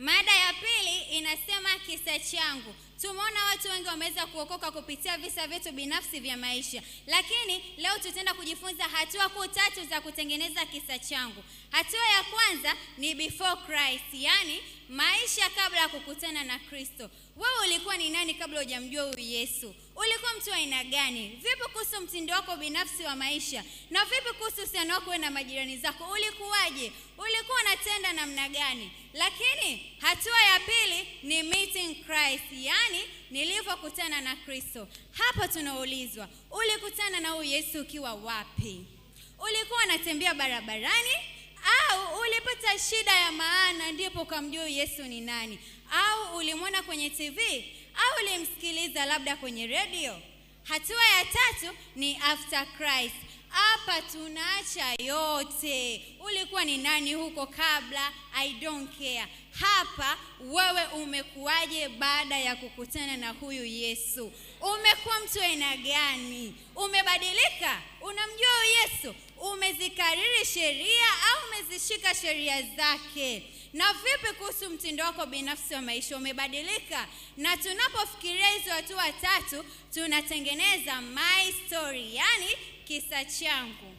Mada ya pili inasema kisa changu. Tumeona watu wengi wameweza kuokoka kupitia visa vyetu binafsi vya maisha, lakini leo tutaenda kujifunza hatua kuu tatu za kutengeneza kisa changu. Hatua ya kwanza ni before Christ, yani maisha kabla ya kukutana na Kristo. Wewe ulikuwa ni nani kabla hujamjua huyu Yesu? Ulikuwa mtu wa aina gani? Vipi kuhusu mtindo wako binafsi wa maisha, na vipi kuhusu uhusiano wako na majirani zako? Ulikuwaje? Ulikuwa unatenda namna gani? Lakini hatua ya pili ni meeting Christ, yaani nilivyokutana na Kristo. Hapa tunaulizwa, ulikutana na huyu Yesu ukiwa wapi? Ulikuwa unatembea barabarani au ulipata shida ya maa ndipo ukamjua Yesu ni nani? Au ulimwona kwenye TV au ulimsikiliza labda kwenye redio? Hatua ya tatu ni after Christ. Hapa tunaacha yote. Ulikuwa ni nani huko kabla? I don't care. Hapa wewe umekuwaje baada ya kukutana na huyu Yesu? Umekuwa mtu aina gani? Umebadilika? unamjua Yesu, umezikariri sheria au umezishika sheria zake? Na vipi kuhusu mtindo wako binafsi wa maisha, umebadilika? Na tunapofikiria hizo hatua tatu, tunatengeneza my story, yani kisa changu.